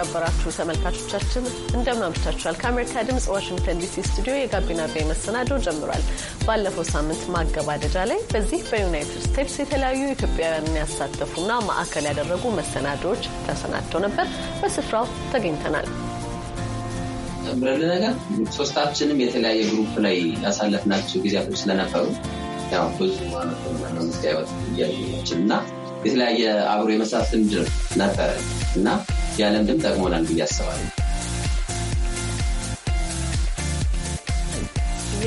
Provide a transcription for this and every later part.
የተከበራችሁ ተመልካቾቻችን እንደምን አምሽታችኋል። ከአሜሪካ ድምጽ ዋሽንግተን ዲሲ ስቱዲዮ የጋቢና ቤ መሰናዶ ጀምሯል። ባለፈው ሳምንት ማገባደጃ ላይ በዚህ በዩናይትድ ስቴትስ የተለያዩ ኢትዮጵያውያንን ያሳተፉና ማዕከል ያደረጉ መሰናዶዎች ተሰናድተው ነበር። በስፍራው ተገኝተናል። ምረል ነገር ሶስታችንም የተለያየ ግሩፕ ላይ ያሳለፍናቸው ጊዜያቶች ስለነበሩ ያው ብዙ እና የተለያየ አብሮ የመስራት ልምድ ነበረ እና ያ ልምድም ጠቅሞናል ብዬ አስባለሁ።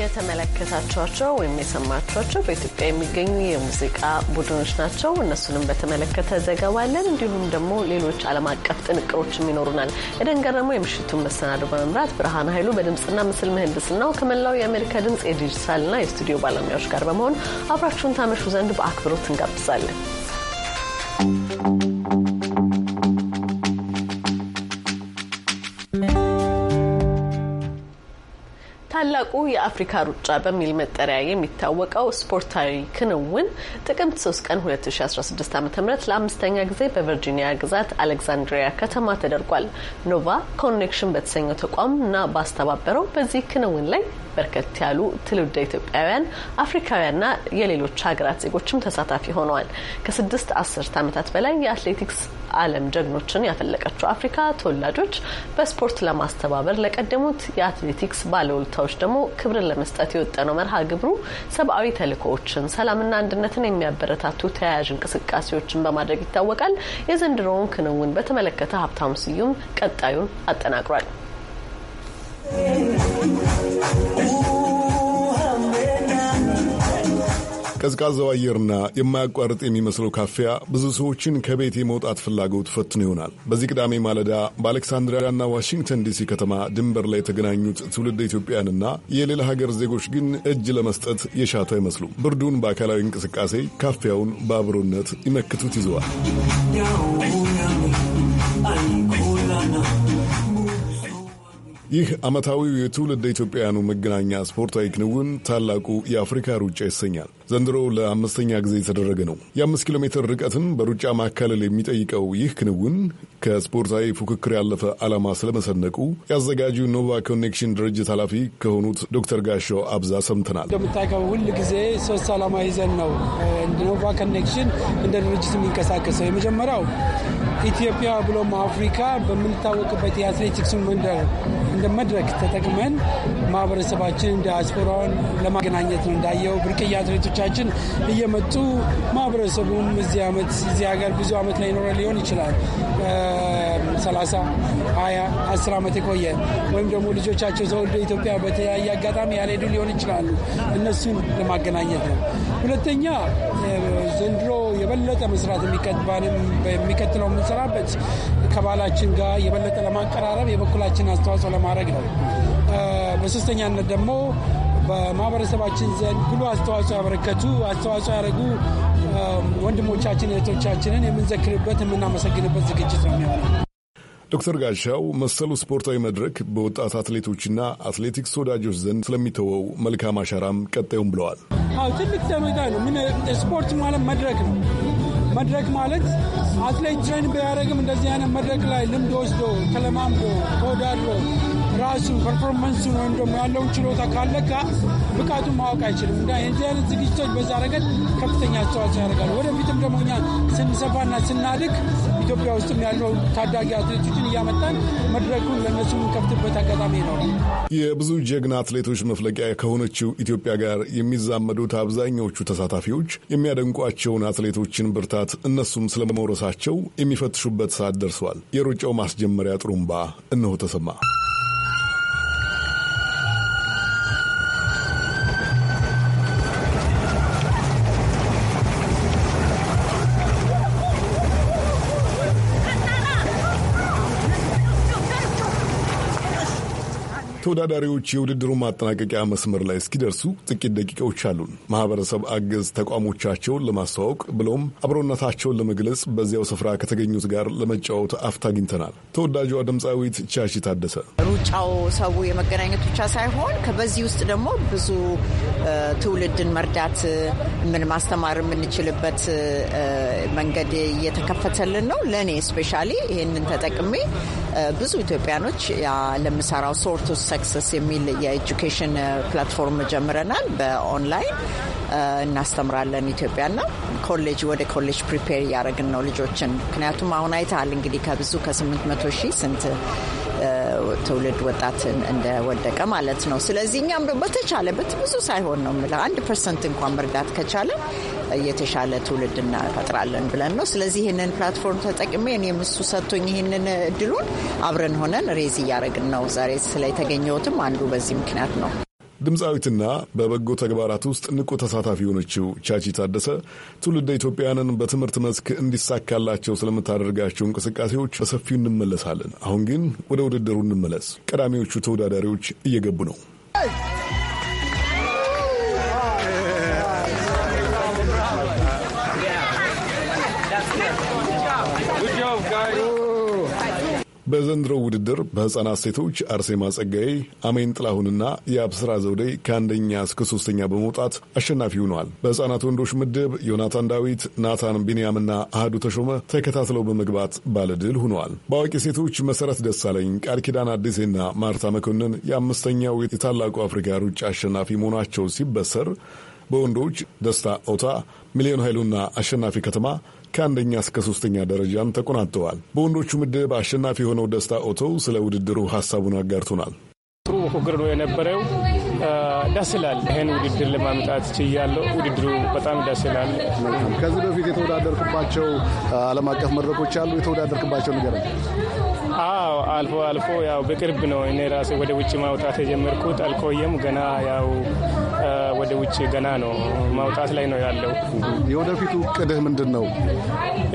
የተመለከታችኋቸው ወይም የሰማችኋቸው በኢትዮጵያ የሚገኙ የሙዚቃ ቡድኖች ናቸው። እነሱንም በተመለከተ ዘገባ አለን። እንዲሁም ደግሞ ሌሎች ዓለም አቀፍ ጥንቅሮችም ይኖሩናል። የደንገር ደግሞ የምሽቱን መሰናዶ በመምራት ብርሃን ኃይሉ በድምፅና ምስል ምህንድስናው ከመላው የአሜሪካ ድምፅ የዲጂታልና የስቱዲዮ ባለሙያዎች ጋር በመሆን አብራችሁን ታመሹ ዘንድ በአክብሮት እንጋብዛለን። ታላቁ የአፍሪካ ሩጫ በሚል መጠሪያ የሚታወቀው ስፖርታዊ ክንውን ጥቅምት 3 ቀን 2016 ዓ ም ለአምስተኛ ጊዜ በቨርጂኒያ ግዛት አሌክዛንድሪያ ከተማ ተደርጓል። ኖቫ ኮኔክሽን በተሰኘው ተቋም እና ባስተባበረው በዚህ ክንውን ላይ በርከት ያሉ ትውልደ ኢትዮጵያውያን አፍሪካውያንና የሌሎች ሀገራት ዜጎችም ተሳታፊ ሆነዋል። ከስድስት አስርት ዓመታት በላይ የአትሌቲክስ ዓለም ጀግኖችን ያፈለቀችው አፍሪካ ተወላጆች በስፖርት ለማስተባበር ለቀደሙት የአትሌቲክስ ባለውልታዎች ደግሞ ደግሞ ክብርን ለመስጠት ነው። መርሃ ግብሩ ሰብአዊ ተልእኮዎችን፣ ሰላምና አንድነትን የሚያበረታቱ ተያያዥ እንቅስቃሴዎችን በማድረግ ይታወቃል። የዘንድሮውን ክንውን በተመለከተ ሀብታሙ ስዩም ቀጣዩን አጠናቅሯል። ቀዝቃዛው አየርና የማያቋርጥ የሚመስለው ካፊያ ብዙ ሰዎችን ከቤት የመውጣት ፍላጎት ፈትኖ ይሆናል። በዚህ ቅዳሜ ማለዳ በአሌክሳንድሪያና ዋሽንግተን ዲሲ ከተማ ድንበር ላይ የተገናኙት ትውልድ ኢትዮጵያንና የሌላ ሀገር ዜጎች ግን እጅ ለመስጠት የሻቱ አይመስሉም። ብርዱን በአካላዊ እንቅስቃሴ፣ ካፊያውን በአብሮነት ይመክቱት ይዘዋል። ይህ ዓመታዊው የትውልድ ኢትዮጵያውያኑ መገናኛ ስፖርታዊ ክንውን ታላቁ የአፍሪካ ሩጫ ይሰኛል። ዘንድሮ ለአምስተኛ ጊዜ የተደረገ ነው። የአምስት ኪሎ ሜትር ርቀትን በሩጫ ማካለል የሚጠይቀው ይህ ክንውን ከስፖርታዊ ፉክክር ያለፈ ዓላማ ስለመሰነቁ ያዘጋጁ ኖቫ ኮኔክሽን ድርጅት ኃላፊ ከሆኑት ዶክተር ጋሾ አብዛ ሰምተናል። እንደምታውቀው ሁል ጊዜ ሶስት ዓላማ ይዘን ነው ኖቫ ኮኔክሽን እንደ ድርጅት የሚንቀሳቀሰው። የመጀመሪያው ኢትዮጵያ ብሎም አፍሪካ በምንታወቅበት የአትሌቲክስ መንደር እንደ መድረክ ተጠቅመን ማህበረሰባችን ዲያስፖራውን ለማገናኘት ነው። እንዳየው ብርቅዬ አትሌቶቻችን እየመጡ ማህበረሰቡም እዚህ ዓመት እዚህ ሀገር ብዙ ዓመት ላይ ኖረ ሊሆን ይችላል 30 20 10 ዓመት የቆየ ወይም ደግሞ ልጆቻቸው ተወልዶ ኢትዮጵያ በተለያየ አጋጣሚ ያልሄዱ ሊሆን ይችላሉ። እነሱን ለማገናኘት ነው። ሁለተኛ ዘንድሮ የበለጠ መስራት የሚቀጥባንም በሚቀጥለው የምንሰራበት ከባህላችን ጋር የበለጠ ለማቀራረብ የበኩላችን አስተዋጽኦ ለማድረግ ነው። በሶስተኛነት ደግሞ በማህበረሰባችን ዘንድ ጉልህ አስተዋጽኦ ያበረከቱ አስተዋጽኦ ያደረጉ ወንድሞቻችን እህቶቻችንን የምንዘክርበት የምናመሰግንበት ዝግጅት ነው የሚሆነው። ዶክተር ጋሻው መሰሉ ስፖርታዊ መድረክ በወጣት አትሌቶችና አትሌቲክስ ወዳጆች ዘንድ ስለሚተወው መልካም አሻራም ቀጣዩም ብለዋል። ትልቅ ተመታ ነው። ስፖርት ማለት መድረክ ነው። መድረክ ማለት አትሌት ትሬን ቢያደርግም እንደዚህ አይነት መድረክ ላይ ልምድ ወስዶ ተለማምዶ ተወዳድሮ ራሱን ፐርፎርማንሱን ወይም ደግሞ ያለውን ችሎታ ካለካ ብቃቱን ማወቅ አይችልም እና የዚህ አይነት ዝግጅቶች በዛ ረገድ ከፍተኛ አስተዋጽኦ ያደርጋሉ። ወደፊትም ደግሞ እኛ ስንሰፋና ስናድግ ኢትዮጵያ ውስጥም ያለው ታዳጊ አትሌቶችን እያመጣን መድረኩን ለእነሱ የምንከፍትበት አጋጣሚ ነው። የብዙ ጀግና አትሌቶች መፍለቂያ ከሆነችው ኢትዮጵያ ጋር የሚዛመዱት አብዛኛዎቹ ተሳታፊዎች የሚያደንቋቸውን አትሌቶችን ብርታት እነሱም ስለመውረሳቸው የሚፈትሹበት ሰዓት ደርሷል። የሩጫው ማስጀመሪያ ጥሩምባ እነሆ ተሰማ። ተወዳዳሪዎች የውድድሩ ማጠናቀቂያ መስመር ላይ እስኪደርሱ ጥቂት ደቂቃዎች አሉን። ማህበረሰብ አገዝ ተቋሞቻቸውን ለማስተዋወቅ ብሎም አብሮነታቸውን ለመግለጽ በዚያው ስፍራ ከተገኙት ጋር ለመጫወት አፍታ አግኝተናል። ተወዳጇ ድምፃዊት ቻሺ ታደሰ ሩጫው ሰው የመገናኘት ብቻ ሳይሆን በዚህ ውስጥ ደግሞ ብዙ ትውልድን መርዳት ምን ማስተማር የምንችልበት መንገድ እየተከፈተልን ነው። ለእኔ ስፔሻሊ ይህንን ተጠቅሜ ብዙ ኢትዮጵያኖች ለምሰራው ሶርት አክሰስ የሚል የኤጁኬሽን ፕላትፎርም ጀምረናል። በኦንላይን እናስተምራለን። ኢትዮጵያና ኮሌጅ ወደ ኮሌጅ ፕሪፔር እያደረግን ነው ልጆችን። ምክንያቱም አሁን አይተሃል እንግዲህ ከብዙ ከ800 ሺህ ስንት ትውልድ ወጣትን እንደወደቀ ማለት ነው። ስለዚህ እኛም በተቻለበት ብዙ ሳይሆን ነው የምልህ አንድ ፐርሰንት እንኳን መርዳት ከቻለ የተሻለ ትውልድ እናፈጥራለን ብለን ነው። ስለዚህ ይህንን ፕላትፎርም ተጠቅሜ እኔ ምሱ ሰጥቶኝ ይህንን እድሉን አብረን ሆነን ሬዝ እያደረግን ነው። ዛሬ ስለተገኘሁትም አንዱ በዚህ ምክንያት ነው። ድምፃዊትና በበጎ ተግባራት ውስጥ ንቁ ተሳታፊ የሆነችው ቻቺ ታደሰ ትውልደ ኢትዮጵያውያንን በትምህርት መስክ እንዲሳካላቸው ስለምታደርጋቸው እንቅስቃሴዎች በሰፊው እንመለሳለን። አሁን ግን ወደ ውድድሩ እንመለስ። ቀዳሚዎቹ ተወዳዳሪዎች እየገቡ ነው። በዘንድሮ ውድድር በሕፃናት ሴቶች አርሴማ ጸጋዬ፣ አሜን ጥላሁንና የአብስራ ዘውዴ ከአንደኛ እስከ ሶስተኛ በመውጣት አሸናፊ ሆነዋል። በሕፃናት ወንዶች ምድብ ዮናታን ዳዊት፣ ናታን ቢንያምና አህዱ ተሾመ ተከታትለው በመግባት ባለድል ሆነዋል። በአዋቂ ሴቶች መሰረት ደሳለኝ፣ ቃል ኪዳን አዲሴና ማርታ መኮንን የአምስተኛው የታላቁ አፍሪካ ሩጫ አሸናፊ መሆናቸው ሲበሰር በወንዶች ደስታ ኦታ፣ ሚሊዮን ኃይሉና አሸናፊ ከተማ ከአንደኛ እስከ ሶስተኛ ደረጃን ተቆናጥተዋል። በወንዶቹ ምድብ አሸናፊ የሆነው ደስታ ኦቶ ስለ ውድድሩ ሀሳቡን አጋርቶናል። ጥሩ ፉክክር ነው የነበረው። ደስ ይላል። ይህን ውድድር ለማምጣት ችያለሁ። ውድድሩ በጣም ደስ ይላል። ከዚህ በፊት የተወዳደርክባቸው ዓለም አቀፍ መድረኮች አሉ? የተወዳደርክባቸው ነገር አዎ አልፎ አልፎ ያው በቅርብ ነው እኔ ራሴ ወደ ውጭ ማውጣት የጀመርኩት። አልቆየም ገና ያው ወደ ውጭ ገና ነው ማውጣት ላይ ነው ያለው። የወደፊቱ እቅድህ ምንድን ነው?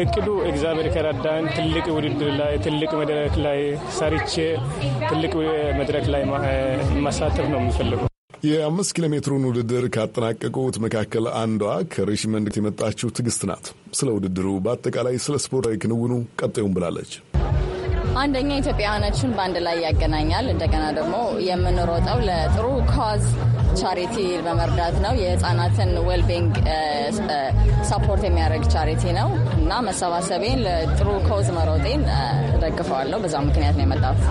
እቅዱ እግዚአብሔር ከረዳን ትልቅ ውድድር ላይ ትልቅ መድረክ ላይ ሰርቼ ትልቅ መድረክ ላይ ማሳተፍ ነው የምፈልገው። የአምስት ኪሎ ሜትሩን ውድድር ካጠናቀቁት መካከል አንዷ ከሪሽመንድ የመጣችው ትዕግስት ናት። ስለ ውድድሩ፣ በአጠቃላይ ስለ ስፖርታዊ ክንውኑ ቀጣዩን ብላለች። አንደኛ ኢትዮጵያውያኖችን በአንድ ላይ ያገናኛል። እንደገና ደግሞ የምንሮጠው ለጥሩ ካዝ ቻሪቲ በመርዳት ነው። የህፃናትን ዌልቢንግ ሰፖርት uh, uh, የሚያደርግ ቻሪቲ ነው እና መሰባሰቤን ለጥሩ ኮዝ መሮጤን uh, ደግፈዋለሁ። በዛ ምክንያት ነው የመጣሁት።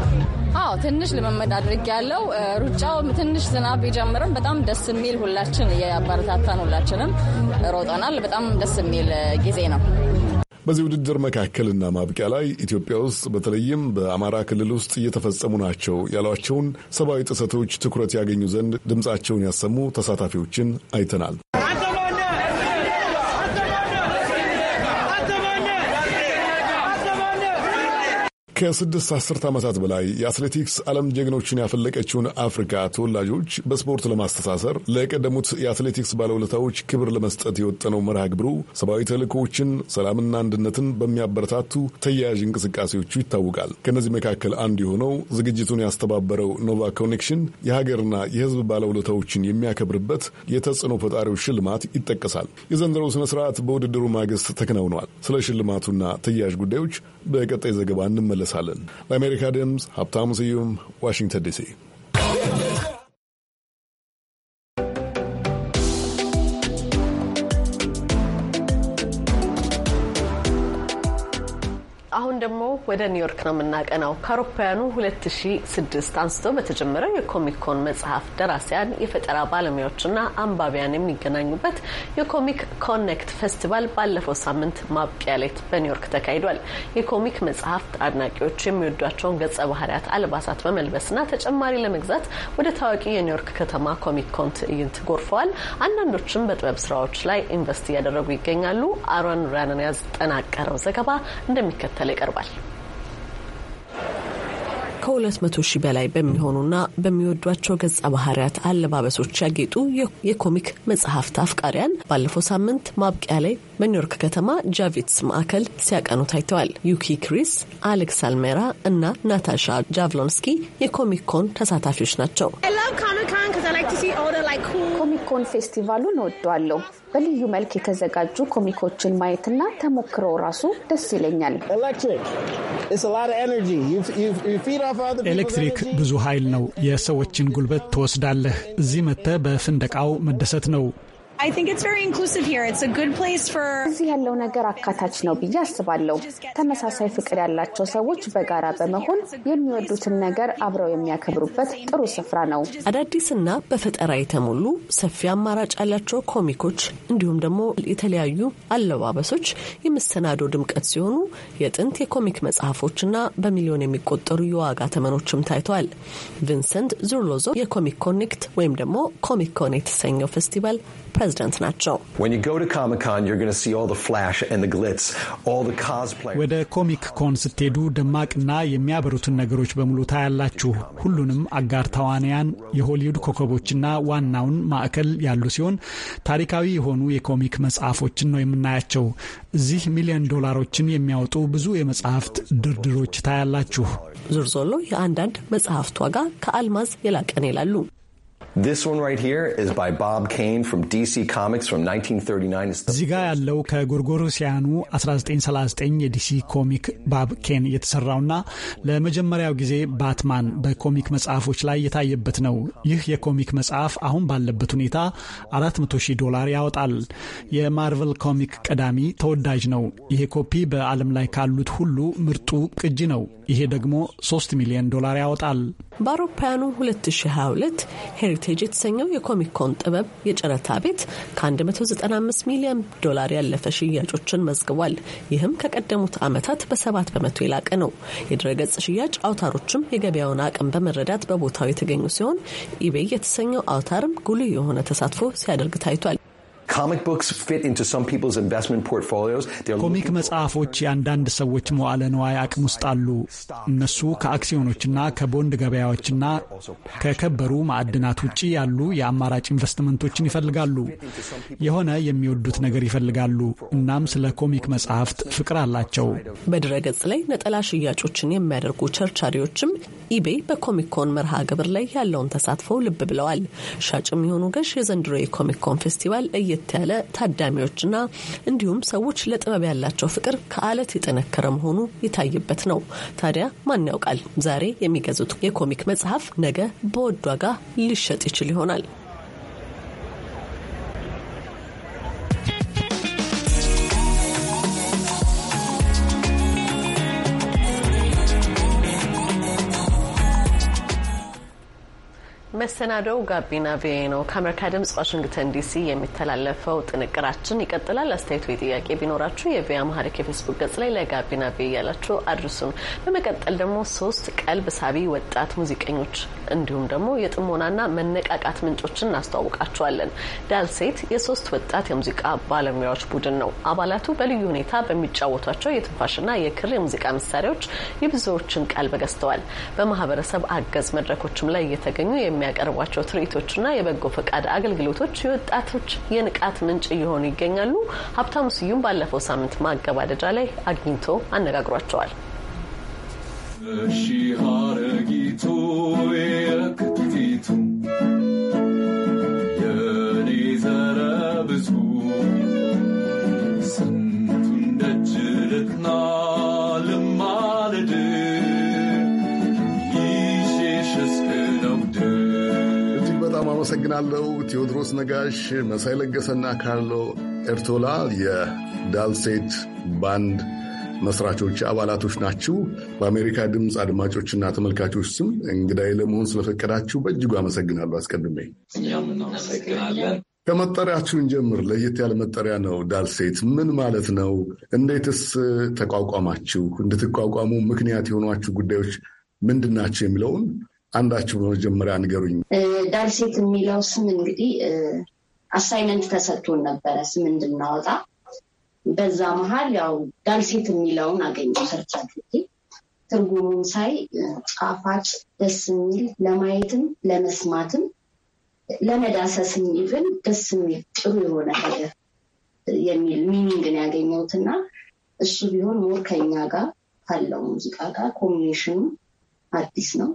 አዎ ትንሽ ልምምድ አድርግ ያለው ሩጫው ትንሽ ዝናብ ቢጀምርም በጣም ደስ የሚል ሁላችን እያበረታታን ሁላችንም ሮጠናል። በጣም ደስ የሚል ጊዜ ነው። በዚህ ውድድር መካከልና ማብቂያ ላይ ኢትዮጵያ ውስጥ በተለይም በአማራ ክልል ውስጥ እየተፈጸሙ ናቸው ያሏቸውን ሰብአዊ ጥሰቶች ትኩረት ያገኙ ዘንድ ድምፃቸውን ያሰሙ ተሳታፊዎችን አይተናል። ከስድስት አስርት ዓመታት በላይ የአትሌቲክስ ዓለም ጀግኖችን ያፈለቀችውን አፍሪካ ተወላጆች በስፖርት ለማስተሳሰር ለቀደሙት የአትሌቲክስ ባለውለታዎች ክብር ለመስጠት የወጠነው መርሃ ግብሩ ሰብአዊ ተልእኮዎችን፣ ሰላምና አንድነትን በሚያበረታቱ ተያያዥ እንቅስቃሴዎቹ ይታወቃል። ከእነዚህ መካከል አንዱ የሆነው ዝግጅቱን ያስተባበረው ኖቫ ኮኔክሽን የሀገርና የሕዝብ ባለውለታዎችን የሚያከብርበት የተጽዕኖ ፈጣሪዎች ሽልማት ይጠቀሳል። የዘንድሮው ስነ ስርዓት በውድድሩ ማግስት ተከናውኗል። ስለ ሽልማቱና ተያያዥ ጉዳዮች በቀጣይ ዘገባ እንመለሳለን። ለአሜሪካ ድምፅ ሀብታሙ ስዩም ዋሽንግተን ዲሲ። ደግሞ ወደ ኒውዮርክ ነው የምናቀናው። ከአውሮፓውያኑ 2006 አንስቶ በተጀመረው የኮሚክኮን መጽሐፍ ደራሲያን፣ የፈጠራ ባለሙያዎችና አንባቢያን የሚገናኙበት የኮሚክ ኮኔክት ፌስቲቫል ባለፈው ሳምንት ማብቂያ ላይ በኒውዮርክ ተካሂዷል። የኮሚክ መጽሐፍት አድናቂዎች የሚወዷቸውን ገጸ ባህሪያት አልባሳት በመልበስና ተጨማሪ ለመግዛት ወደ ታዋቂ የኒውዮርክ ከተማ ኮሚክ ኮን ትዕይንት ጎርፈዋል። አንዳንዶችም በጥበብ ስራዎች ላይ ኢንቨስት እያደረጉ ይገኛሉ። አሮን ራንን ያጠናቀረው ዘገባ እንደሚከተል ይቀርባል። ይቀርባል። ከ200 ሺህ በላይ በሚሆኑና በሚወዷቸው ገጸ ባህሪያት አለባበሶች ያጌጡ የኮሚክ መጽሐፍት አፍቃሪያን ባለፈው ሳምንት ማብቂያ ላይ በኒውዮርክ ከተማ ጃቪትስ ማዕከል ሲያቀኑ ታይተዋል። ዩኪ ክሪስ፣ አሌክስ አልሜራ እና ናታሻ ጃቭሎንስኪ የኮሚክ ኮን ተሳታፊዎች ናቸው። ኮሚኮን ፌስቲቫሉን እወደዋለሁ። በልዩ መልክ የተዘጋጁ ኮሚኮችን ማየትና ተሞክሮ ራሱ ደስ ይለኛል። ኤሌክትሪክ ብዙ ኃይል ነው። የሰዎችን ጉልበት ትወስዳለህ። እዚህ መጥተህ በፍንደቃው መደሰት ነው። እዚህ ያለው ነገር አካታች ነው ብዬ አስባለሁ። ተመሳሳይ ፍቅር ያላቸው ሰዎች በጋራ በመሆን የሚወዱትን ነገር አብረው የሚያከብሩበት ጥሩ ስፍራ ነው። አዳዲስና በፈጠራ የተሞሉ ሰፊ አማራጭ ያላቸው ኮሚኮች እንዲሁም ደግሞ የተለያዩ አለባበሶች የመሰናዶ ድምቀት ሲሆኑ የጥንት የኮሚክ መጽሐፎችና በሚሊዮን የሚቆጠሩ የዋጋ ተመኖችም ታይተዋል። ቪንሰንት ዙርሎዞ የኮሚክ ኮኔክት ወይም ደግሞ ኮሚክ ኮን የተሰኘው ፌስቲቫል ፕሬዝደንት ናቸው። ወደ ኮሚክ ኮን ስትሄዱ ደማቅና የሚያበሩትን ነገሮች በሙሉ ታያላችሁ። ሁሉንም አጋር ተዋንያን፣ የሆሊውድ ኮከቦችና ዋናውን ማዕከል ያሉ ሲሆን ታሪካዊ የሆኑ የኮሚክ መጽሐፎችን ነው የምናያቸው። እዚህ ሚሊዮን ዶላሮችን የሚያወጡ ብዙ የመጽሐፍት ድርድሮች ታያላችሁ። ዙር ዞሎ የአንዳንድ መጽሐፍት ዋጋ ከአልማዝ የላቀን ይላሉ። This one right here is by Bob Kane from DC Comics from 1939. እዚህ ጋር ያለው ከጎርጎሮሲያኑ 1939 የዲሲ ኮሚክ ባብ ኬን የተሰራውና ለመጀመሪያው ጊዜ ባትማን በኮሚክ መጽሐፎች ላይ የታየበት ነው። ይህ የኮሚክ መጽሐፍ አሁን ባለበት ሁኔታ 400,000 ዶላር ያወጣል። የማርቨል ኮሚክ ቀዳሚ ተወዳጅ ነው። ይሄ ኮፒ በዓለም ላይ ካሉት ሁሉ ምርጡ ቅጂ ነው። ይሄ ደግሞ 3 ሚሊዮን ዶላር ያወጣል። በአውሮፓውያኑ 2022 ሄሪቴጅ የተሰኘው የኮሚኮን ጥበብ የጨረታ ቤት ከ195 ሚሊዮን ዶላር ያለፈ ሽያጮችን መዝግቧል። ይህም ከቀደሙት ዓመታት በሰባት በመቶ የላቀ ነው። የድረገጽ ሽያጭ አውታሮችም የገበያውን አቅም በመረዳት በቦታው የተገኙ ሲሆን ኢቤይ የተሰኘው አውታርም ጉልህ የሆነ ተሳትፎ ሲያደርግ ታይቷል። ኮሚክ መጽሐፎች የአንዳንድ ሰዎች መዋለ ንዋይ አቅም ውስጥ አሉ። እነሱ ከአክሲዮኖችና ከቦንድ ገበያዎችና ከከበሩ ማዕድናት ውጭ ያሉ የአማራጭ ኢንቨስትመንቶችን ይፈልጋሉ። የሆነ የሚወዱት ነገር ይፈልጋሉ። እናም ስለ ኮሚክ መጽሐፍት ፍቅር አላቸው። በድረገጽ ላይ ነጠላ ሽያጮችን የሚያደርጉ ቸርቻሪዎችም ኢቤይ በኮሚኮን መርሃ ግብር ላይ ያለውን ተሳትፎ ልብ ብለዋል። ሻጭም የሆኑ ገሽ የዘንድሮ የኮሚኮን ፌስቲቫል እየት ያለ ታዳሚዎችና እንዲሁም ሰዎች ለጥበብ ያላቸው ፍቅር ከአለት የጠነከረ መሆኑ የታየበት ነው። ታዲያ ማን ያውቃል ዛሬ የሚገዙት የኮሚክ መጽሐፍ ነገ በወድ ዋጋ ሊሸጥ ይችል ይሆናል። መሰናደው ጋቢና ቪኦኤ ነው። ከአሜሪካ ድምጽ ዋሽንግተን ዲሲ የሚተላለፈው ጥንቅራችን ይቀጥላል። አስተያየት ወይ ጥያቄ ቢኖራችሁ የቪኦኤ አማርኛ የፌስቡክ ገጽ ላይ ለጋቢና ቪኦኤ ያላችሁ አድርሱን። በመቀጠል ደግሞ ሶስት ቀልብ ሳቢ ወጣት ሙዚቀኞች እንዲሁም ደግሞ የጥሞናና መነቃቃት ምንጮችን እናስተዋውቃቸዋለን። ዳልሴት የሶስት ወጣት የሙዚቃ ባለሙያዎች ቡድን ነው። አባላቱ በልዩ ሁኔታ በሚጫወቷቸው የትንፋሽና የክር የሙዚቃ መሳሪያዎች የብዙዎችን ቀልብ ገዝተዋል። በማህበረሰብ አገዝ መድረኮችም ላይ እየተገኙ የሚያ በሚያቀርቧቸው ትርኢቶችና የበጎ ፈቃድ አገልግሎቶች የወጣቶች የንቃት ምንጭ እየሆኑ ይገኛሉ። ሀብታሙ ስዩም ባለፈው ሳምንት ማገባደጃ ላይ አግኝቶ አነጋግሯቸዋል። አመሰግናለሁ። ቴዎድሮስ ነጋሽ፣ መሳይ ለገሰና ካርሎ ኤርቶላ የዳልሴት ባንድ መስራቾች አባላቶች ናችሁ። በአሜሪካ ድምፅ አድማጮችና ተመልካቾች ስም እንግዳይ ለመሆን ስለፈቀዳችሁ በእጅጉ አመሰግናለሁ። አስቀድሜ ከመጠሪያችሁን ጀምር። ለየት ያለ መጠሪያ ነው። ዳልሴት ምን ማለት ነው? እንዴትስ ተቋቋማችሁ? እንድትቋቋሙ ምክንያት የሆኗችሁ ጉዳዮች ምንድን ናቸው የሚለውን አንዳችሁ በመጀመሪያ ንገሩኝ። ዳልሴት የሚለው ስም እንግዲህ አሳይመንት ተሰጥቶን ነበረ ስም እንድናወጣ። በዛ መሀል ያው ዳልሴት የሚለውን አገኘው ሰርቻ ትርጉሙን ሳይ ጣፋጭ፣ ደስ የሚል ለማየትም ለመስማትም ለመዳሰስ ይብን ደስ የሚል ጥሩ የሆነ ነገር የሚል ሚኒንግን ያገኘሁትና እሱ ቢሆን ሞር ከኛ ጋር ካለው ሙዚቃ ጋር ኮምቢኔሽኑ አዲስ ነው።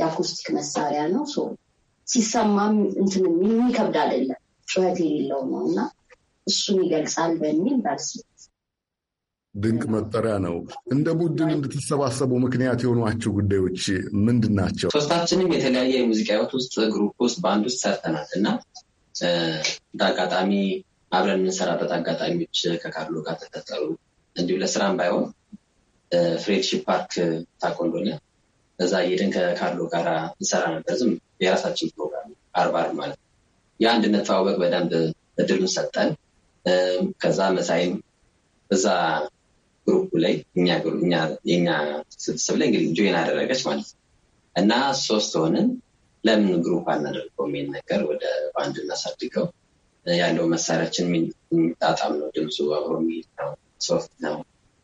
የአኩስቲክ መሳሪያ ነው። ሲሰማ እንትን የሚከብድ አይደለም፣ ጩኸት የሌለው ነው እና እሱን ይገልጻል በሚል በርስ ድንቅ መጠሪያ ነው። እንደ ቡድን እንድትሰባሰቡ ምክንያት የሆኗቸው ጉዳዮች ምንድን ናቸው? ሶስታችንም የተለያየ የሙዚቃ ህይወት ውስጥ ግሩፕ ውስጥ በአንድ ውስጥ ሰርተናል እና እንደ አጋጣሚ አብረን የምንሰራበት አጋጣሚዎች ከካርሎ ጋር ተፈጠሩ። እንዲሁ ለስራም ባይሆን ፍሬድሺፕ ፓርክ ታቆንዶነ እዛ ሄደን ከካርሎ ጋር እንሰራ ነበር። ዝም የራሳችን ፕሮግራም አርባር ማለት ነው። የአንድነት እንድንተዋወቅ በደንብ እድሉን ሰጠን። ከዛ መሳይም እዛ ግሩፕ ላይ የኛ ስብስብ ላይ እንግዲህ ጆይን አደረገች ማለት ነው እና ሶስት ሆንን። ለምን ግሩፕ አናደርገው የሚል ነገር ወደ ባንድ እናሳድገው ያለው መሳሪያችን የሚጣጣም ነው። ድምፁ አብሮ የሚሄድ ነው። ሶፍት ነው።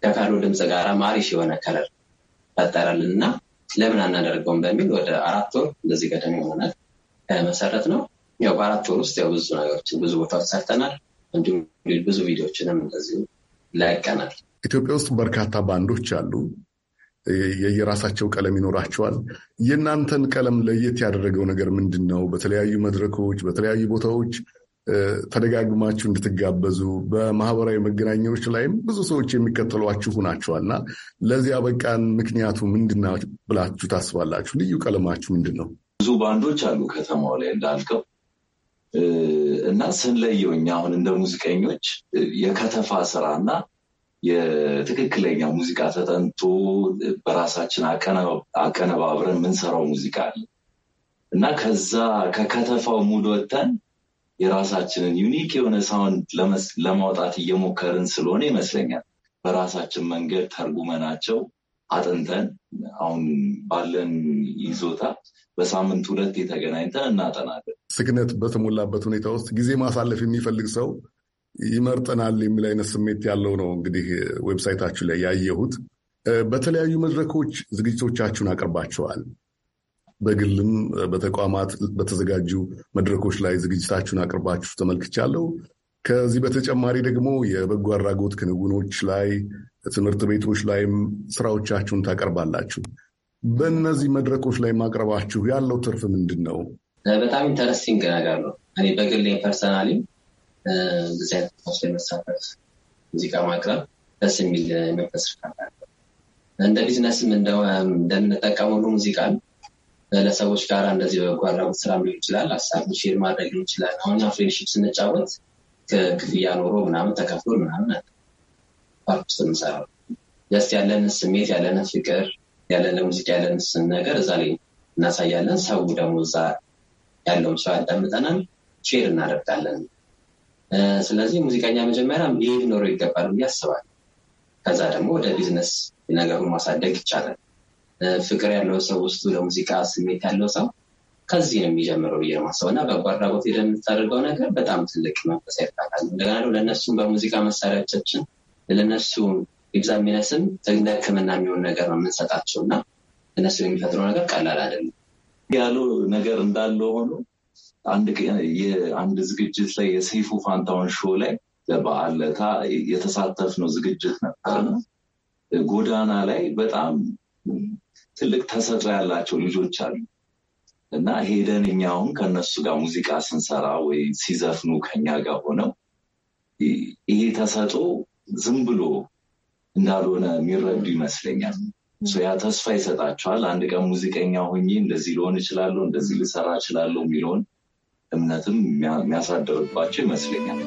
ከካሉ ድምፅ ጋር ማሪሽ የሆነ ከለር ፈጠረልን እና ለምን አናደርገውም በሚል ወደ አራት ወር እንደዚህ ገደም የሆነ መሰረት ነው። ያው በአራት ወር ውስጥ ያው ብዙ ነገሮችን ብዙ ቦታዎች ሰርተናል። እንዲሁም ብዙ ቪዲዮችንም እንደዚሁ ላይቀናል። ኢትዮጵያ ውስጥ በርካታ ባንዶች አሉ። የየራሳቸው ቀለም ይኖራቸዋል። የእናንተን ቀለም ለየት ያደረገው ነገር ምንድን ነው? በተለያዩ መድረኮች፣ በተለያዩ ቦታዎች ተደጋግማችሁ እንድትጋበዙ በማህበራዊ መገናኛዎች ላይም ብዙ ሰዎች የሚከተሏችሁ ናቸዋልና ለዚያ በቃን ምክንያቱ ምንድን ነው ብላችሁ ታስባላችሁ? ልዩ ቀለማችሁ ምንድን ነው? ብዙ ባንዶች አሉ ከተማው ላይ እንዳልከው እና ስንለየው እኛ አሁን እንደ ሙዚቀኞች የከተፋ ስራ እና የትክክለኛ ሙዚቃ ተጠንቶ በራሳችን አቀነባብረን የምንሰራው ሙዚቃ አለ እና ከዛ ከከተፋው ሙድ ወጥተን የራሳችንን ዩኒክ የሆነ ሳውንድ ለማውጣት እየሞከርን ስለሆነ ይመስለኛል በራሳችን መንገድ ተርጉመናቸው አጥንተን አሁን ባለን ይዞታ በሳምንት ሁለት የተገናኝተን እናጠናለን። ስክነት በተሞላበት ሁኔታ ውስጥ ጊዜ ማሳለፍ የሚፈልግ ሰው ይመርጠናል የሚል አይነት ስሜት ያለው ነው። እንግዲህ ዌብሳይታችሁ ላይ ያየሁት በተለያዩ መድረኮች ዝግጅቶቻችሁን አቅርባችኋል። በግልም በተቋማት በተዘጋጁ መድረኮች ላይ ዝግጅታችሁን አቅርባችሁ ተመልክቻለሁ። ከዚህ በተጨማሪ ደግሞ የበጎ አድራጎት ክንውኖች ላይ ትምህርት ቤቶች ላይም ስራዎቻችሁን ታቀርባላችሁ። በእነዚህ መድረኮች ላይ ማቅረባችሁ ያለው ትርፍ ምንድን ነው? በጣም ኢንተረስቲንግ ነገር ነው። እኔ በግሌ ፐርሰናሊ ብዙ አይነት ቦታዎች ሙዚቃ ማቅረብ ደስ የሚል መንፈስ እንደ ቢዝነስም እንደምንጠቀሙ ሁሉ ሙዚቃን ለሰዎች ጋር እንደዚህ በጎ አድራጎት ስራም ሊሆን ይችላል፣ ሀሳብ ሼር ማድረግ ሊሆን ይችላል። አሁን እኛ ስንጫወት ክፍያ ኖሮ ምናምን ተከፍሎ ምናምን ፓርክ ውስጥ ደስ ያለን ስሜት ያለንን ፍቅር ያለን ለሙዚቃ ያለን ስን ነገር እዛ ላይ እናሳያለን። ሰው ደግሞ እዛ ያለውን ሰው ያዳምጠናል፣ ሼር እናደርጋለን። ስለዚህ ሙዚቀኛ መጀመሪያ ሊሄድ ኖሮ ይገባል ብዬ አስባለሁ። ከዛ ደግሞ ወደ ቢዝነስ ነገሩን ማሳደግ ይቻላል። ፍቅር ያለው ሰው ውስጡ ለሙዚቃ ስሜት ያለው ሰው ከዚህ ነው የሚጀምረው ብዬ ማሰብ እና በጎ አድራጎት ሄደን የምታደርገው ነገር በጣም ትልቅ መንፈሳ ያርካታል። እንደገና ደግሞ ለእነሱም በሙዚቃ መሳሪያዎቻችን ለእነሱ ኤግዛሚነስም እንደ ሕክምና የሚሆን ነገር ነው የምንሰጣቸው እና እነሱ የሚፈጥረው ነገር ቀላል አይደለም ያሉ ነገር እንዳለ ሆኖ አንድ ዝግጅት ላይ የሰይፉ ፋንታውን ሾ ላይ ለበዓል ለታ የተሳተፍነው ዝግጅት ነበር። ጎዳና ላይ በጣም ትልቅ ተሰጥኦ ያላቸው ልጆች አሉ እና ሄደን እኛ አሁን ከነሱ ጋር ሙዚቃ ስንሰራ ወይ ሲዘፍኑ ከኛ ጋር ሆነው ይሄ ተሰጦ ዝም ብሎ እንዳልሆነ የሚረዱ ይመስለኛል። ያ ተስፋ ይሰጣቸዋል። አንድ ቀን ሙዚቀኛ ሆኜ እንደዚህ ልሆን እችላለሁ፣ እንደዚህ ልሰራ እችላለሁ የሚለውን እምነትም የሚያሳድርባቸው ይመስለኛል።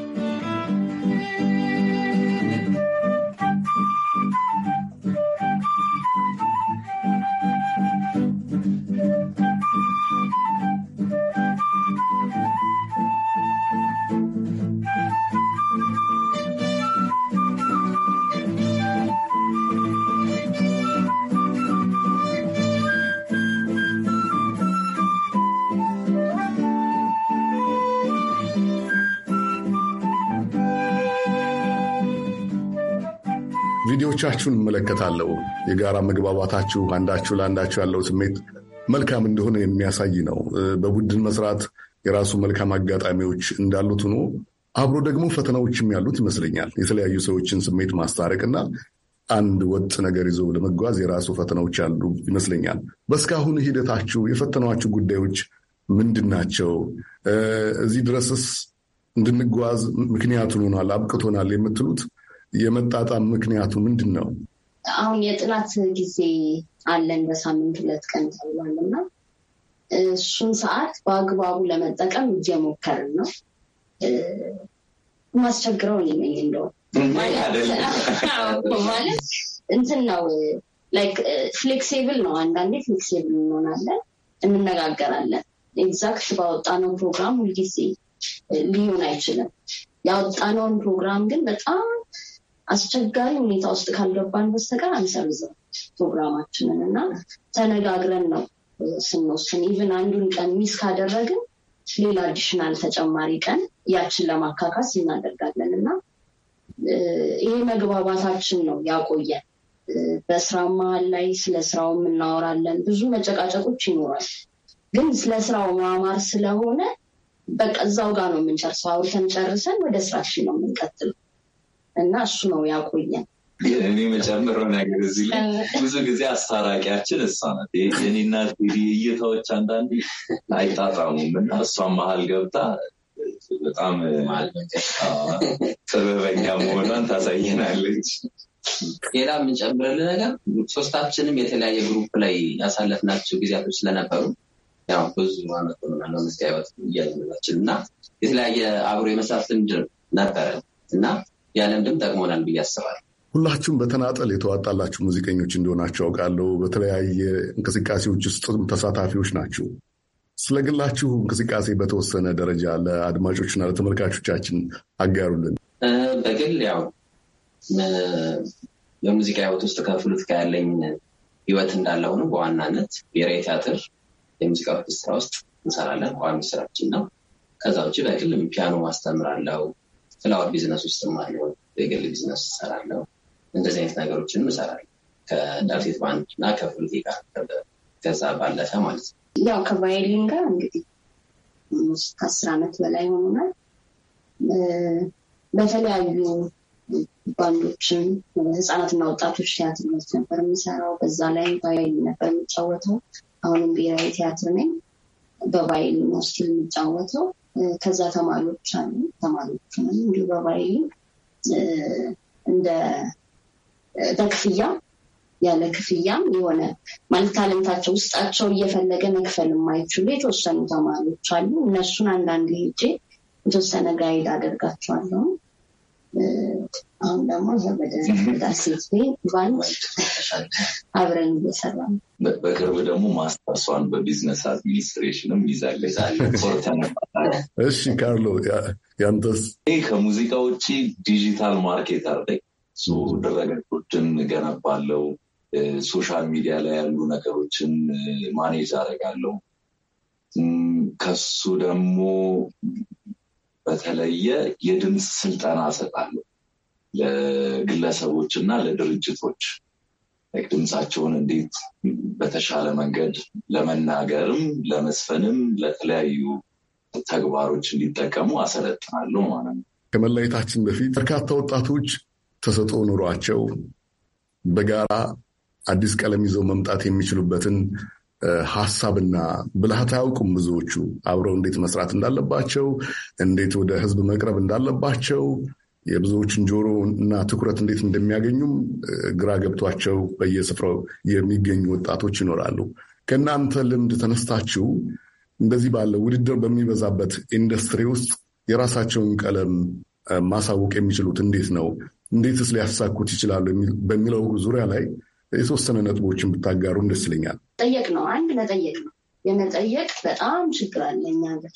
ሌሎቻችሁን እመለከታለሁ። የጋራ መግባባታችሁ፣ አንዳችሁ ለአንዳችሁ ያለው ስሜት መልካም እንደሆነ የሚያሳይ ነው። በቡድን መስራት የራሱ መልካም አጋጣሚዎች እንዳሉት ሆኖ አብሮ ደግሞ ፈተናዎችም ያሉት ይመስለኛል። የተለያዩ ሰዎችን ስሜት እና አንድ ወጥ ነገር ይዞ ለመጓዝ የራሱ ፈተናዎች ያሉ ይመስለኛል። በእስካሁን ሂደታችሁ የፈተኗችሁ ጉዳዮች ምንድን ናቸው? እዚህ ድረስስ እንድንጓዝ ምክንያቱን ሆናል አብቅቶናል የምትሉት የመጣጣም ምክንያቱ ምንድን ነው? አሁን የጥናት ጊዜ አለን በሳምንት ሁለት ቀን ተብሏል እና እሱን ሰዓት በአግባቡ ለመጠቀም እየሞከርን ነው። ማስቸግረው እኔ ነኝ እንደው ማለት እንትን ነው ፍሌክሲብል ነው። አንዳንዴ ፍሌክሲብል እንሆናለን፣ እንነጋገራለን። ኤግዛክት ባወጣነው ፕሮግራም ሁልጊዜ ሊሆን አይችልም። ያወጣነውን ፕሮግራም ግን በጣም አስቸጋሪ ሁኔታ ውስጥ ካልገባን በስተቀር አንሰርዘው ፕሮግራማችንን እና ተነጋግረን ነው ስንወስን ኢቭን አንዱን ቀን ሚስ ካደረግን ሌላ አዲሽናል ተጨማሪ ቀን ያችን ለማካካስ እናደርጋለን እና ይሄ መግባባታችን ነው ያቆየን። በስራ መሀል ላይ ስለ ስራውም እናወራለን። ብዙ መጨቃጨቆች ይኖራል፣ ግን ስለ ስራው ማማር ስለሆነ በቃ እዛው ጋር ነው የምንጨርሰው። አውርተን ጨርሰን ወደ ስራችን ነው የምንቀጥለው። እና እሱ ነው ያቆየን። እኔ መጨምረው ነገር እዚህ ላይ ብዙ ጊዜ አስታራቂያችን እሷ ናት። እኔና እይታዎች አንዳንዴ አይጣጣሙም እና እሷን መሀል ገብታ በጣም ጥበበኛ መሆኗን ታሳየናለች። ሌላ የምንጨምርልን ነገር ሶስታችንም የተለያየ ግሩፕ ላይ ያሳለፍናቸው ጊዜያቶች ስለነበሩ ያው ብዙ አመት ሆናለ መስሪያ ህይወት እያዘመዛችን እና የተለያየ አብሮ የመስራት ልምድ ነበረ እና ያንን ድም ጠቅሞናል ብዬ አስባለሁ። ሁላችሁም በተናጠል የተዋጣላችሁ ሙዚቀኞች እንደሆናችሁ አውቃለሁ። በተለያየ እንቅስቃሴዎች ውስጥ ተሳታፊዎች ናችሁ። ስለ ግላችሁ እንቅስቃሴ በተወሰነ ደረጃ ለአድማጮችና ለተመልካቾቻችን አጋሩልን። በግል ያው በሙዚቃ ህይወት ውስጥ ከፍሉት ጋር ያለኝ ህይወት እንዳለ ሆኖ በዋናነት ብሔራዊ ቲያትር የሙዚቃ ኦርኬስትራ ውስጥ እንሰራለን፣ ቋሚ ስራችን ነው። ከዛ ውጭ በግል ፒያኖ ማስተምራለው፣ ፍላወር ቢዝነስ ውስጥም አለው። የግል ቢዝነስ እሰራለሁ። እንደዚህ አይነት ነገሮችንም እሰራለሁ ከዳርሴት ባንድ እና ከፍልጌ ጋር ከዛ ባለፈ ማለት ነው። ያው ከቫይሊን ጋር እንግዲህ ከአስር ዓመት በላይ ሆኖናል። በተለያዩ ባንዶችን ህፃናትና ወጣቶች ቲያትር ቤት ነበር የሚሰራው። በዛ ላይ ቫዮሊን ነበር የሚጫወተው። አሁንም ብሔራዊ ቲያትር ነኝ። በቫይሊን ውስጥ የሚጫወተው ከዛ ተማሪዎች አሉ ተማሪዎች እንዲሁ በባይሌ እንደ በክፍያ ያለ ክፍያ የሆነ ማለት ታለንታቸው ውስጣቸው እየፈለገ መክፈል የማይችሉ የተወሰኑ ተማሪዎች አሉ። እነሱን አንዳንድ ጊዜ የተወሰነ ጋይድ አደርጋቸዋለሁ። አሁን ደግሞ ዘመደዳ ሴት ቤት አብረን እየሰራ ነው። በቅርብ ደግሞ ማስተርሷን በቢዝነስ አድሚኒስትሬሽንም ይዛለች። እሺ ካርሎ ያንተስ? ይህ ከሙዚቃ ውጭ ዲጂታል ማርኬት አለ ድረገጦችን እገነባለው፣ ሶሻል ሚዲያ ላይ ያሉ ነገሮችን ማኔጅ አደርጋለሁ። ከሱ ደግሞ በተለየ የድምፅ ስልጠና ሰጣሉ ለግለሰቦች እና ለድርጅቶች ድምፃቸውን እንዴት በተሻለ መንገድ ለመናገርም ለመስፈንም ለተለያዩ ተግባሮች እንዲጠቀሙ አሰለጥናሉ ማለት ነው። ከመለየታችን በፊት በርካታ ወጣቶች ተሰጦ ኑሯቸው በጋራ አዲስ ቀለም ይዘው መምጣት የሚችሉበትን ሀሳብና ብልሃት አያውቁም። ብዙዎቹ አብረው እንዴት መስራት እንዳለባቸው፣ እንዴት ወደ ህዝብ መቅረብ እንዳለባቸው፣ የብዙዎችን ጆሮ እና ትኩረት እንዴት እንደሚያገኙም ግራ ገብቷቸው በየስፍራው የሚገኙ ወጣቶች ይኖራሉ። ከእናንተ ልምድ ተነስታችሁ እንደዚህ ባለ ውድድር በሚበዛበት ኢንዱስትሪ ውስጥ የራሳቸውን ቀለም ማሳወቅ የሚችሉት እንዴት ነው? እንዴትስ ሊያሳኩት ይችላሉ? በሚለው ዙሪያ ላይ የተወሰነ ነጥቦችን ብታጋሩን ደስ ይለኛል። ጠየቅ ነው አንድ መጠየቅ ነው። የመጠየቅ በጣም ችግር አለ እኛ ሀገር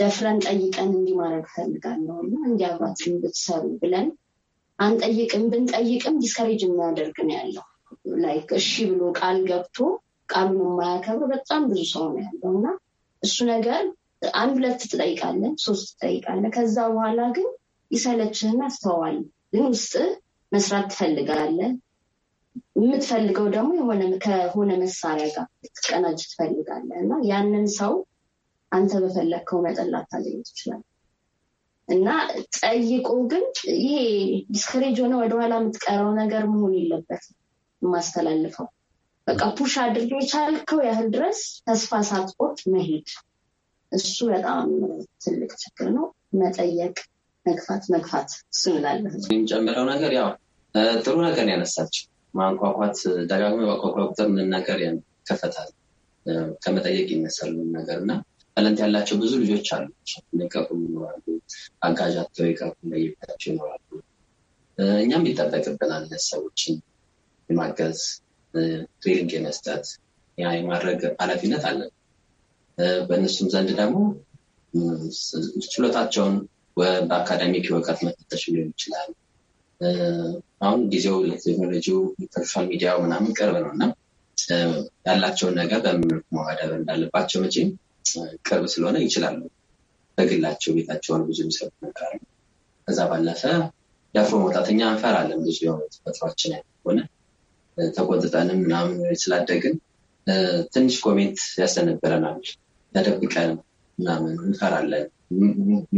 ደፍረን ጠይቀን እንዲህ ማድረግ ፈልጋለሁ እና እንዲያብራችሁ ብትሰሩ ብለን አንጠይቅም። ብንጠይቅም ዲስከሬጅ የሚያደርግ ነው ያለው። ላይክ እሺ ብሎ ቃል ገብቶ ቃሉን የማያከብር በጣም ብዙ ሰው ነው ያለው እና እሱ ነገር አንድ ሁለት ትጠይቃለህ፣ ሶስት ትጠይቃለህ። ከዛ በኋላ ግን ይሰለችህና ትተዋለህ። ግን ውስጥ መስራት ትፈልጋለን የምትፈልገው ደግሞ የሆነ ከሆነ መሳሪያ ጋር ትቀናጅ ትፈልጋለ እና ያንን ሰው አንተ በፈለግከው መጠን ላታገኝ ትችላል። እና ጠይቆ ግን ይሄ ዲስከሬጅ ሆነ ወደኋላ የምትቀረው ነገር መሆን የለበት የማስተላልፈው በቃ ፑሽ አድርጎ የቻልከው ያህል ድረስ ተስፋ ሳትቆርጥ መሄድ፣ እሱ በጣም ትልቅ ችግር ነው። መጠየቅ፣ መግፋት መግፋት እሱ እላለሁ። የሚጨምረው ነገር ያው ጥሩ ነገር ያነሳችው ማንኳኳት ደጋግሞ የማንኳኳት ቁጥር ምን ነገር ይከፈታል ከመጠየቅ ይነሳል ምን ነገር እና ታለንት ያላቸው ብዙ ልጆች አሉ። ሚቀቁ ይኖራሉ፣ አጋዣቸው ይቀቁ ለየቤታቸው ይኖራሉ። እኛም ይጠበቅብናል ሰዎችን የማገዝ ትሬኒንግ የመስጠት ያ የማድረግ ኃላፊነት አለን። በእነሱም ዘንድ ደግሞ ችሎታቸውን በአካዳሚክ እውቀት መፈተሽ ሊሆን ይችላል አሁን ጊዜው ለቴክኖሎጂው ሶሻል ሚዲያ ምናምን ቅርብ ነው እና ያላቸውን ነገር በምንልኩ ማዋደር እንዳለባቸው መቼም ቅርብ ስለሆነ ይችላሉ። በግላቸው ቤታቸውን ብዙ የሚሰሩ ነገር ከዛ ባለፈ ደፍሮ መውጣተኛ እንፈራለን። ብዙ የሆነ ተፈጥሯችን ሆነ ተቆጥጠንም ምናምን ስላደግን ትንሽ ኮሜንት ያሰነብረናል። ተደብቀን ምናምን እንፈራለን።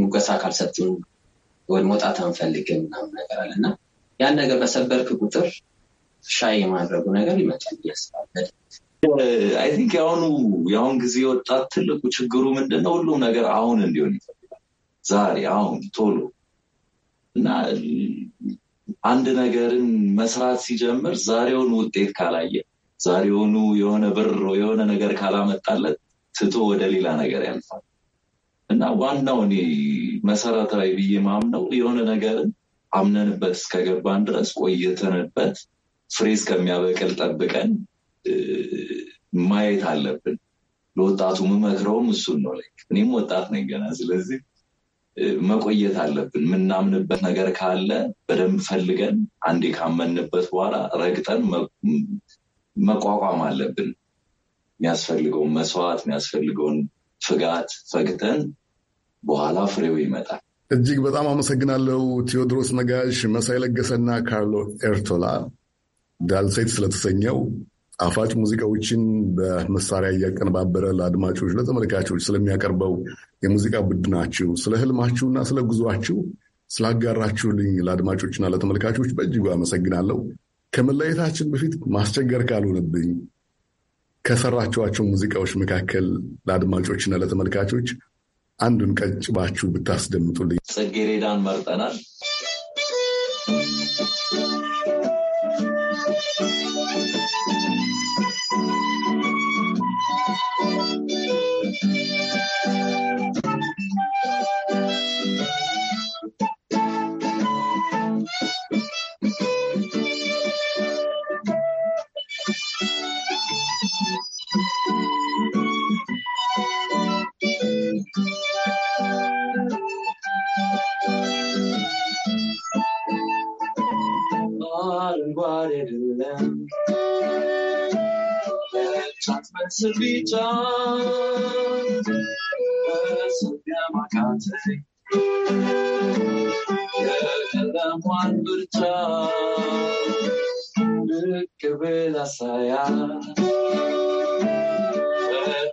ሙገሳ ካልሰጡን ወይ መውጣት አንፈልግም ምናምን ነገር አለ እና ያን ነገር በሰበርክ ቁጥር ሻይ የማድረጉ ነገር ይመጣል እያስባለን አይ ቲንክ የአሁኑ የአሁን ጊዜ ወጣት ትልቁ ችግሩ ምንድን ሁሉም ነገር አሁን እንዲሆን ይፈልጋል። ዛሬ፣ አሁን፣ ቶሎ እና አንድ ነገርን መስራት ሲጀምር ዛሬውን ውጤት ካላየ ዛሬውኑ የሆነ ብር የሆነ ነገር ካላመጣለት ትቶ ወደ ሌላ ነገር ያልፋል እና ዋናው እኔ መሰረታዊ ብዬ ማምነው የሆነ ነገርን አምነንበት እስከገባን ድረስ ቆይተንበት ፍሬ እስከሚያበቅል ጠብቀን ማየት አለብን። ለወጣቱ ምመክረውም እሱን ነው። እኔም ወጣት ነኝ ገና። ስለዚህ መቆየት አለብን። የምናምንበት ነገር ካለ በደንብ ፈልገን አንዴ ካመንበት በኋላ ረግጠን መቋቋም አለብን። የሚያስፈልገውን መስዋዕት፣ የሚያስፈልገውን ፍጋት ፈግተን በኋላ ፍሬው ይመጣል። እጅግ በጣም አመሰግናለሁ ቴዎድሮስ ነጋሽ፣ መሳይ ለገሰና ካርሎ ኤርቶላ ዳልሴት ስለተሰኘው ጣፋጭ ሙዚቃዎችን በመሳሪያ እያቀነባበረ ለአድማጮች ለተመልካቾች ስለሚያቀርበው የሙዚቃ ቡድናችሁ፣ ስለ ህልማችሁና ስለ ጉዟችሁ ስላጋራችሁልኝ ለአድማጮችና ለተመልካቾች በእጅጉ አመሰግናለሁ። ከመለየታችን በፊት ማስቸገር ካልሆነብኝ ከሰራችኋቸው ሙዚቃዎች መካከል ለአድማጮችና ለተመልካቾች አንዱን ቀጭባችሁ ብታስደምጡልኝ። ጽጌሬዳን መርጠናል። Thank you. nobody to them. Transmits returns, person my contact. Kelamwan berjalan, berkebela saya.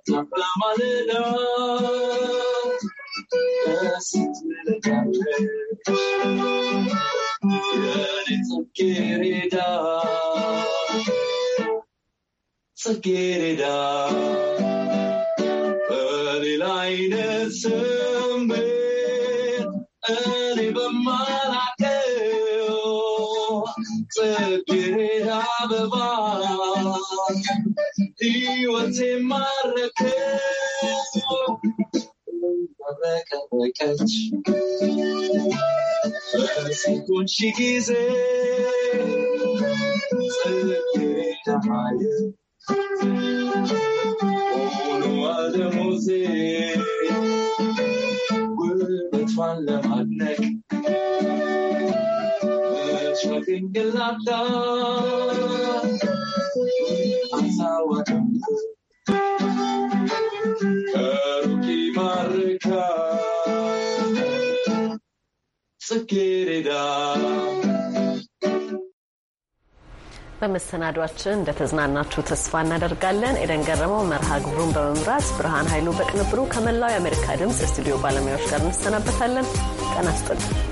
Tetap lama lelah, kasih ጽጌሬዳ ጽጌሬዳ በሌላ አይነት ስሜት እኔ በማላቀው ጽጌሬዳ አበባ ሕይወቴ ማረከው megemlékedj. Szikuncsigizé, szőkéte hájé, Okulua de mozé, bővet van lemadnek, csak ingelátnak, az áwadnak. ጽጌሬዳ በመሰናዷችን እንደተዝናናችሁ ተስፋ እናደርጋለን። ኤደን ገረመው መርሃ ግብሩን በመምራት ብርሃን ኃይሉ በቅንብሩ ከመላው የአሜሪካ ድምፅ የስቱዲዮ ባለሙያዎች ጋር እንሰናበታለን። ጤና